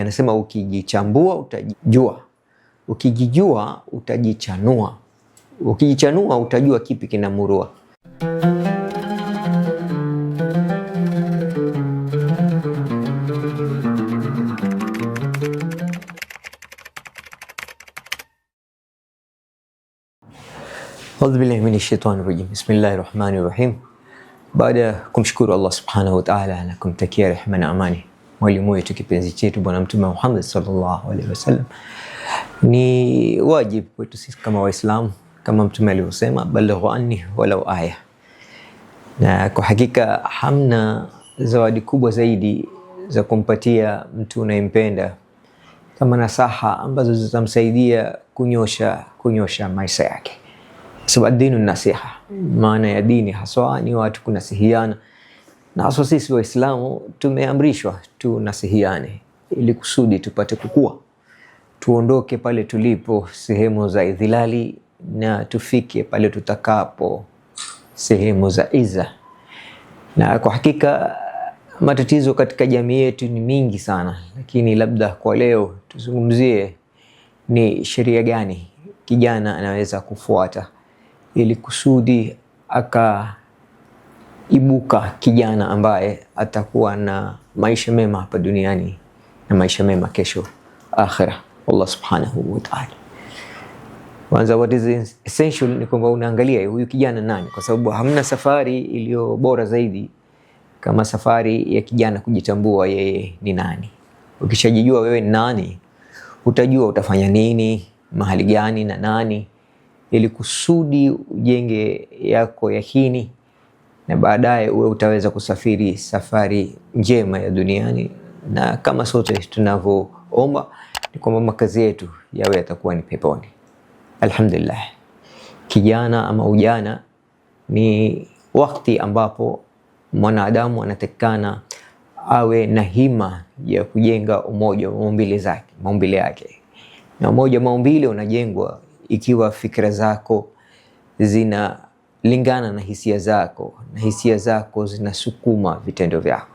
Anasema ukijichambua utajijua, ukijijua utajichanua, ukijichanua utajua kipi kinamurua. Audhu billahi min shaitani rajim, bismillahi rahmani rahim. Baada ya kumshukuru Allah subhanahu wa ta'ala na kumtakia rehma na amani mwalimu wetu kipenzi chetu Bwana Mtume Muhammad sallallahu alaihi wasallam. Ni wajibu kwetu sisi kama Waislamu, kama mtume alivyosema, balighu anni walau aya, na kwa hakika hamna zawadi kubwa zaidi za kumpatia mtu unayempenda kama nasaha ambazo zitamsaidia kunyosha kunyosha maisha yake, sababu dinu nasiha, maana ya dini haswa ni watu kunasihiana na hasa sisi Waislamu tumeamrishwa tunasihiane ili kusudi tupate kukua, tuondoke pale tulipo sehemu za idhilali na tufike pale tutakapo sehemu za iza. Na kwa hakika matatizo katika jamii yetu ni mingi sana, lakini labda kwa leo tuzungumzie ni sheria gani kijana anaweza kufuata ili kusudi aka ibuka kijana ambaye atakuwa na maisha mema hapa duniani na maisha mema kesho akhira, Allah subhanahu wa ta'ala. Kwanza, what is essential ni kwamba unaangalia huyu kijana nani, kwa sababu hamna safari iliyo bora zaidi kama safari ya kijana kujitambua yeye ni nani. Ukishajijua wewe ni nani, utajua utafanya nini, mahali gani na nani, ili kusudi ujenge yako yakini na baadaye uwe utaweza kusafiri safari njema ya duniani, na kama sote tunavyoomba ni kwamba makazi yetu yawe yatakuwa ni peponi. Alhamdulillah, kijana ama ujana ni wakati ambapo mwanadamu anatakikana awe na hima ya kujenga umoja wa maumbile zake, maumbile yake, na umoja wa maumbile unajengwa ikiwa fikra zako zina lingana na hisia zako, na hisia zako zinasukuma vitendo vyako.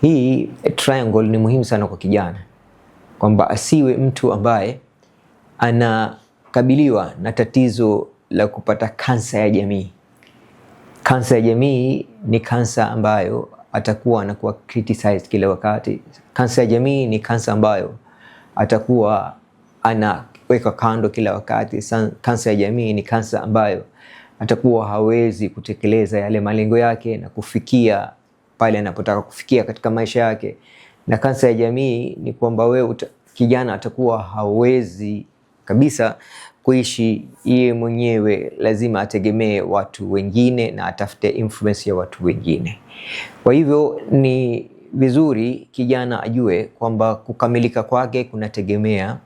Hii triangle ni muhimu sana kwa kijana, kwamba asiwe mtu ambaye anakabiliwa na tatizo la kupata kansa ya jamii. Kansa ya jamii ni kansa ambayo atakuwa anakuwa criticized kila wakati. Kansa ya jamii ni kansa ambayo atakuwa anawekwa kando kila wakati. Kansa ya jamii ni kansa ambayo atakuwa hawezi kutekeleza yale malengo yake na kufikia pale anapotaka kufikia katika maisha yake. Na kansa ya jamii ni kwamba wewe kijana atakuwa hawezi kabisa kuishi yeye mwenyewe, lazima ategemee watu wengine na atafute influence ya watu wengine. Kwa hivyo ni vizuri kijana ajue kwamba kukamilika kwake kunategemea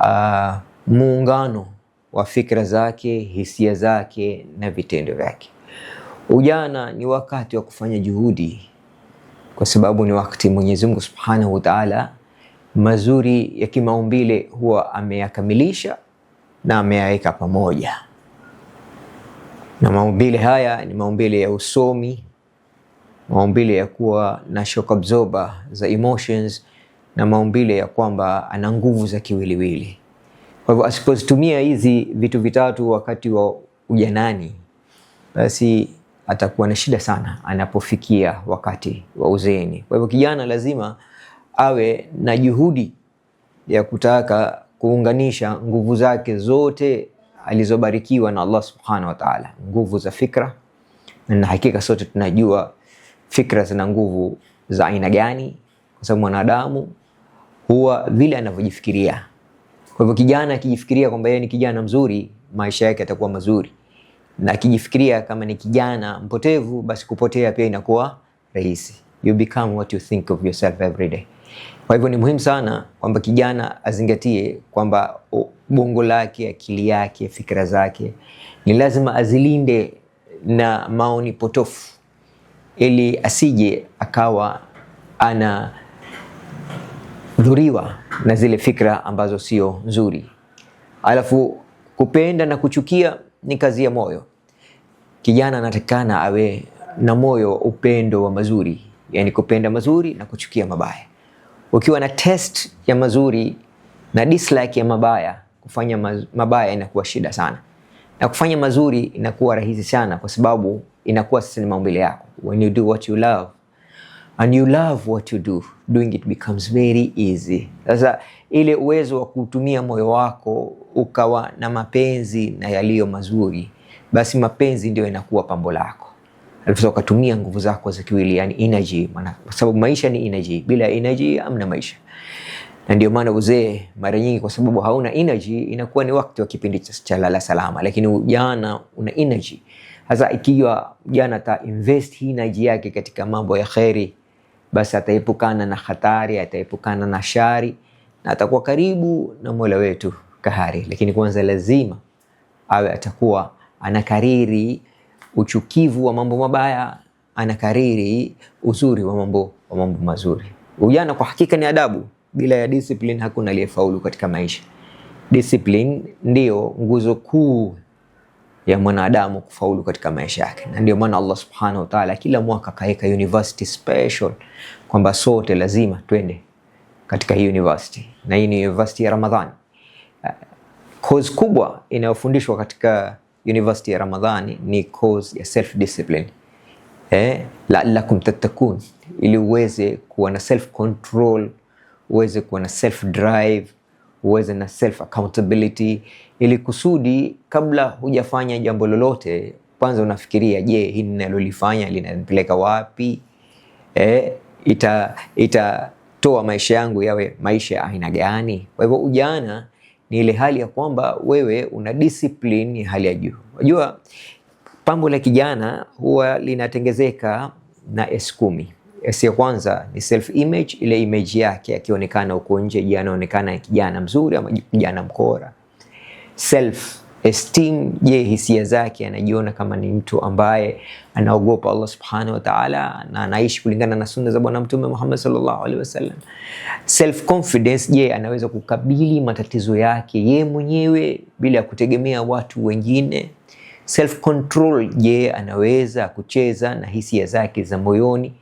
uh, muungano wa fikra zake, hisia zake na vitendo vyake. Ujana ni wakati wa kufanya juhudi, kwa sababu ni wakati Mwenyezi Mungu Subhanahu wa Ta'ala mazuri ya kimaumbile huwa ameyakamilisha na ameyaweka pamoja, na maumbile haya ni maumbile ya usomi, maumbile ya kuwa na shock absorber za emotions, na maumbile ya kwamba ana nguvu za kiwiliwili. Kwa hivyo asipozitumia hizi vitu vitatu wakati wa ujanani, basi atakuwa na shida sana anapofikia wakati wa uzeeni. Kwa hivyo kijana lazima awe na juhudi ya kutaka kuunganisha nguvu zake zote alizobarikiwa na Allah subhanahu wa ta'ala, nguvu za fikra, na hakika sote tunajua fikra zina nguvu za aina gani, kwa sababu mwanadamu huwa vile anavyojifikiria kwa hivyo kijana akijifikiria kwamba yeye ni kijana mzuri, maisha yake yatakuwa mazuri, na akijifikiria kama ni kijana mpotevu, basi kupotea pia inakuwa rahisi. You become what you think of yourself every day. Kwa hivyo ni muhimu sana kwamba kijana azingatie kwamba bongo lake, akili yake, fikra zake ni lazima azilinde na maoni potofu, ili asije akawa ana kudhuriwa na zile fikra ambazo sio nzuri. Alafu kupenda na kuchukia ni kazi ya moyo. Kijana anatakikana awe na moyo upendo wa mazuri, yani kupenda mazuri na kuchukia mabaya. Ukiwa na test ya mazuri na dislike ya mabaya, kufanya mabaya inakuwa shida sana, na kufanya mazuri inakuwa rahisi sana, kwa sababu inakuwa sasa ni maumbile yako. When you do what you love and you love what you do doing it becomes very easy. Sasa ile uwezo wa kutumia moyo wako ukawa na mapenzi na yaliyo mazuri, basi mapenzi ndio inakuwa pambo lako, alafu ukatumia nguvu zako za kiwili, yani energy, maana kwa sababu maisha ni energy. Bila energy hamna maisha, na ndio maana uzee mara nyingi, kwa sababu hauna energy, inakuwa ni wakati wa kipindi cha lala salama, lakini ujana una energy. hasa ikiwa jana ta invest hii energy yake katika mambo ya kheri basi ataepukana na hatari, ataepukana na shari na atakuwa karibu na Mola wetu kahari. Lakini kwanza lazima awe atakuwa anakariri uchukivu wa mambo mabaya, anakariri uzuri wa mambo wa mambo mazuri. Ujana kwa hakika ni adabu. Bila ya discipline hakuna aliyefaulu katika maisha. Discipline ndiyo nguzo kuu ya mwanadamu kufaulu katika maisha yake, na ndio maana Allah subhanahu wa ta'ala kila mwaka kaweka university special kwamba sote lazima twende katika hii university, na hii ni university ya Ramadhani. Uh, course kubwa inayofundishwa katika university ya Ramadhani ni course ya self discipline, eh, la'allakum tattakun, ili uweze kuwa na self control, uweze kuwa na self drive uweze na self accountability, ili kusudi kabla hujafanya jambo lolote, kwanza unafikiria, je, hii ninalolifanya linanipeleka wapi? E, ita itatoa maisha yangu yawe maisha ya aina gani? Kwa hivyo ujana ni ile hali ya kwamba wewe una discipline ya hali ya juu. Unajua pambo la kijana huwa linatengezeka na S kumi si ya kwanza ni self image, ile image yake akionekana huko nje, je, anaonekana kijana mzuri ama kijana mkora? Self esteem, je, hisia zake, anajiona kama ni mtu ambaye anaogopa Allah subhanahu wa ta'ala na anaishi kulingana na sunna za Bwana Mtume Muhammad sallallahu alaihi wasallam. Self confidence, je, anaweza kukabili matatizo yake ye mwenyewe bila ya kutegemea watu wengine? Self control, je, anaweza kucheza na hisia zake za moyoni?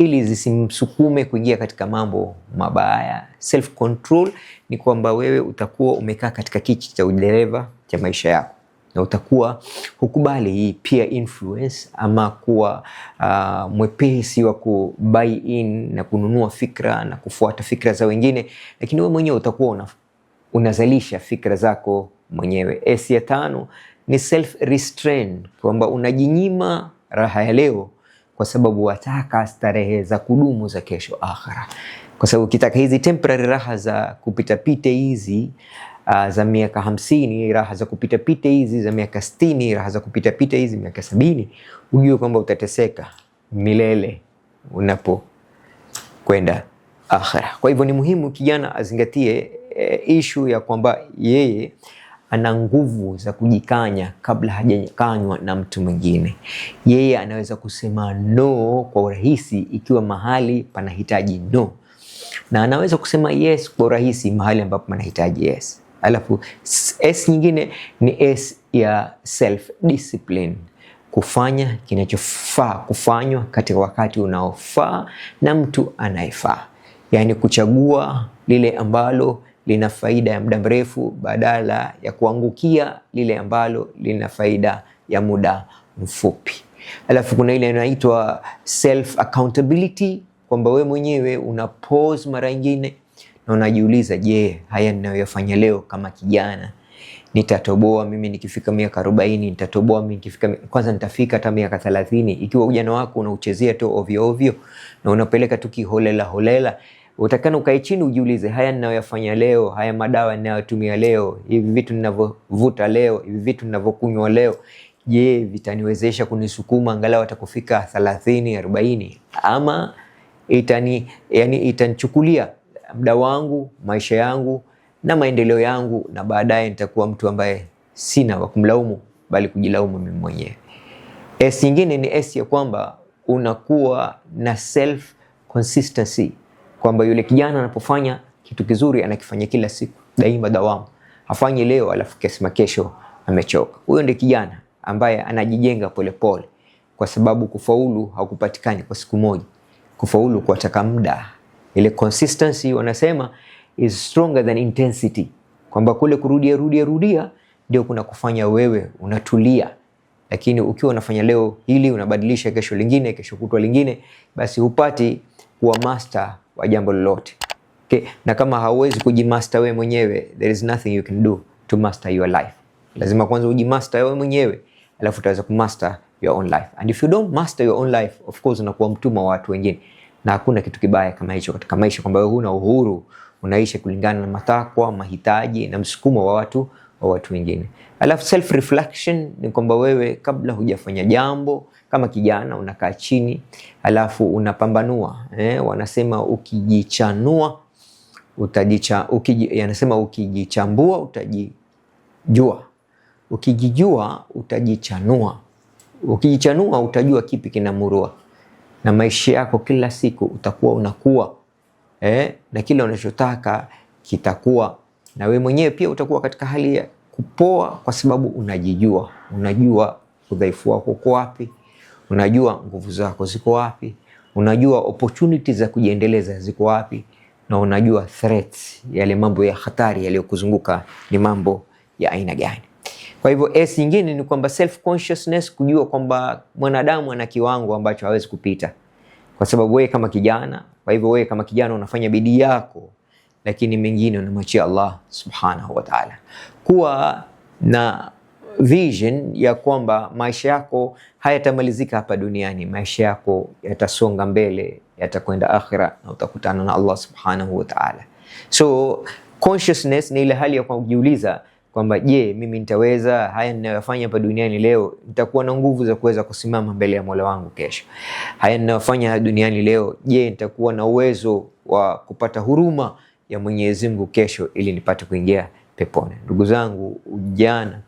ili zisimsukume kuingia katika mambo mabaya. Self control ni kwamba wewe utakuwa umekaa katika kiti cha udereva cha maisha yako na utakuwa hukubali hii peer influence ama kuwa uh, mwepesi wa ku buy in na kununua fikra na kufuata fikra za wengine, lakini wewe mwenyewe utakuwa una, unazalisha fikra zako mwenyewe. S ya tano ni self kwamba unajinyima raha ya leo kwa sababu wataka starehe za kudumu za kesho akhira, kwa sababu ukitaka hizi temporary raha za pite hizi Uh, za miaka hamsini raha za kupita pite hizi za miaka sitini raha za kupita pite hizi miaka sabini ujue kwamba utateseka milele unapo kwenda akhira. Kwa hivyo ni muhimu kijana azingatie e, eh, ishu ya kwamba yeye ana nguvu za kujikanya kabla hajakanywa na mtu mwingine. Yeye anaweza kusema no kwa urahisi ikiwa mahali panahitaji no, na anaweza kusema yes kwa urahisi mahali ambapo panahitaji yes. Alafu S nyingine ni S ya self discipline, kufanya kinachofaa kufanywa katika wakati unaofaa na mtu anayefaa, yaani kuchagua lile ambalo lina faida ya muda mrefu badala ya kuangukia lile ambalo lina faida ya muda mfupi. Alafu kuna ile inaitwa self accountability, kwamba we mwenyewe una pause mara nyingine na unajiuliza, je, haya ninayoyafanya leo kama kijana nitatoboa mimi nikifika miaka arobaini? Nitatoboa mimi nikifika kwanza, nitafika hata miaka thelathini? Ikiwa ujana wako unauchezea tu ovyo ovyo na unapeleka tu kiholela holela utakana ukae chini ujiulize, haya ninayoyafanya leo, haya madawa ninayotumia leo, hivi vitu ninavyovuta leo, hivi vitu ninavyokunywa leo, je, vitaniwezesha kunisukuma angalau atakufika kufika thelathini arobaini ama itani yani, itanichukulia muda wangu, maisha yangu na maendeleo yangu, na baadaye nitakuwa mtu ambaye sina wa kumlaumu, bali kujilaumu mimi mwenyewe. S nyingine ni S ya kwamba unakuwa na self consistency kwamba yule kijana anapofanya kitu kizuri anakifanya kila siku, daima dawamu, afanye leo alafu kesema kesho amechoka. Huyo ndi kijana ambaye anajijenga polepole, kwa sababu kufaulu hakupatikani kwa siku moja. Kufaulu kuwataka muda, ile consistency wanasema is stronger than intensity, kwamba kule kurudia rudia rudia ndio kuna kufanya wewe unatulia lakini ukiwa unafanya leo hili unabadilisha kesho lingine, kesho kutwa lingine, basi hupati kuwa master wa jambo lolote okay. Na kama hauwezi kujimaster wewe mwenyewe, there is nothing you can do to master your life. Lazima kwanza ujimaster wewe mwenyewe, alafu utaweza kumaster your own life, and if you don't master your own life, of course unakuwa mtumwa wa watu wengine, na hakuna kitu kibaya kama hicho katika maisha, kwamba wewe huna uhuru, unaishi kulingana na matakwa, mahitaji na msukumo wa watu wa watu wengine. Alafu self reflection ni kwamba wewe kabla hujafanya jambo kama kijana unakaa chini alafu unapambanua eh, wanasema ukijichanua utajicha, ukiji, anasema ukijichambua utajijua, ukijijua utajichanua, ukijichanua utajua kipi kinamurua, na maisha yako kila siku utakuwa unakuwa eh, na kila unachotaka kitakuwa, na we mwenyewe pia utakuwa katika hali ya kupoa, kwa sababu unajijua, unajua udhaifu wako uko wapi unajua nguvu zako ziko wapi, unajua opportunities za kujiendeleza ziko wapi, na unajua threats, yale mambo ya hatari yaliyokuzunguka ni mambo ya aina gani. Kwa hivyo S nyingine ni kwamba self consciousness, kujua kwamba mwanadamu ana kiwango ambacho hawezi kupita, kwa sababu wewe kama kijana. Kwa hivyo wewe kama kijana unafanya bidii yako, lakini mengine unamwachia Allah subhanahu wa ta'ala. Kuwa na vision ya kwamba maisha yako hayatamalizika hapa duniani, maisha yako yatasonga mbele, yatakwenda akhira na utakutana na Allah subhanahu wa ta'ala. So consciousness ni ile hali ya kujiuliza kwamba je, mimi nitaweza haya ninayofanya hapa duniani leo, nitakuwa na nguvu za kuweza kusimama mbele ya Mola wangu kesho? Haya ninayofanya duniani leo, je, nitakuwa na uwezo wa kupata huruma ya Mwenyezi Mungu kesho ili nipate kuingia peponi. Ndugu zangu, ujana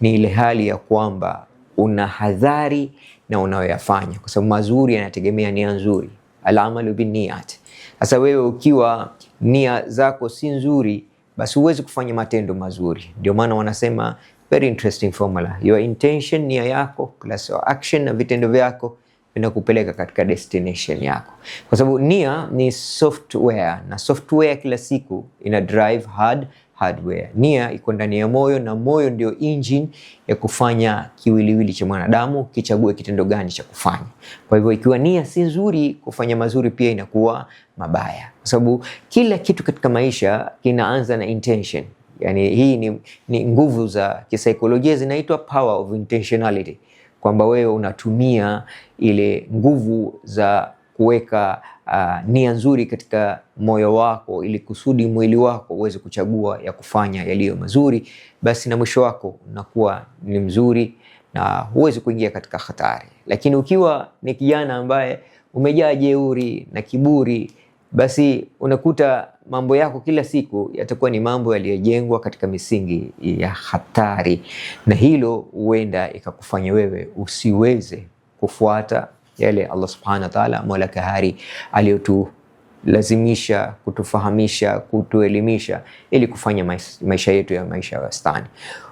ni ile hali ya kwamba una hadhari na unayoyafanya, kwa sababu mazuri yanategemea nia nzuri, alamalu binniat. Sasa wewe ukiwa nia zako si nzuri, basi huwezi kufanya matendo mazuri. Ndio maana wanasema very interesting formula, your intention, nia yako plus your action na vitendo vyako inakupeleka katika destination yako, kwa sababu nia ni software na software kila siku ina drive hard hardware. Nia iko ndani ya moyo na moyo ndio engine ya kufanya kiwiliwili cha mwanadamu kichague kitendo gani cha kufanya. Kwa hivyo ikiwa nia si nzuri, kufanya mazuri pia inakuwa mabaya, kwa sababu kila kitu katika maisha kinaanza na intention. Yani hii ni, ni nguvu za kisaikolojia zinaitwa power of intentionality kwamba wewe unatumia ile nguvu za kuweka uh, nia nzuri katika moyo wako ili kusudi mwili wako uweze kuchagua ya kufanya yaliyo mazuri, basi na mwisho wako unakuwa ni mzuri na huwezi kuingia katika hatari. Lakini ukiwa ni kijana ambaye umejaa jeuri na kiburi, basi unakuta mambo yako kila siku yatakuwa ni mambo yaliyojengwa katika misingi ya hatari, na hilo huenda ikakufanya wewe usiweze kufuata yale Allah subhanahu wa ta'ala, mola kahari aliyotulazimisha kutufahamisha, kutuelimisha ili kufanya maisha yetu ya maisha ya wastani.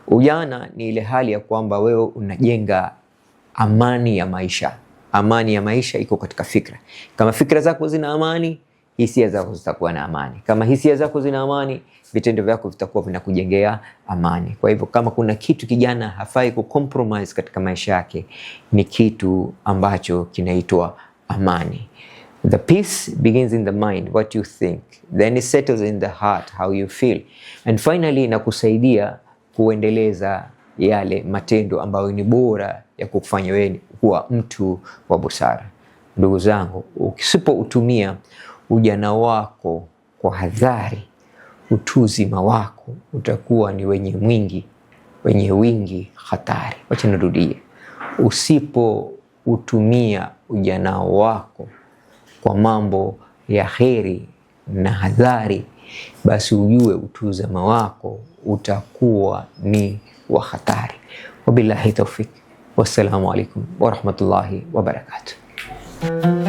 Ujana ni ile hali ya kwamba wewe unajenga amani ya maisha. Amani ya maisha iko katika fikra. Kama fikra zako zina amani hisia zako zitakuwa na amani. Kama hisia zako zina amani, vitendo vyako vitakuwa vinakujengea amani. Kwa hivyo, kama kuna kitu kijana hafai ku katika maisha yake, ni kitu ambacho kinaitwa amani. The peace begins in the mind, what you think, then it settles in the heart, how you feel. And finally, inakusaidia kuendeleza yale matendo ambayo ni bora ya kufanya wewe kuwa mtu wa busara. Ndugu zangu, usipoutumia ujana wako kwa hadhari, utu uzima wako utakuwa ni wenye mwingi wenye wingi hatari. Wacha nirudie, usipoutumia ujana wako kwa mambo ya heri na hadhari, basi ujue utu uzima wako utakuwa ni wa hatari. Wabillahi taufik wassalamu alaikum warahmatullahi wabarakatuh.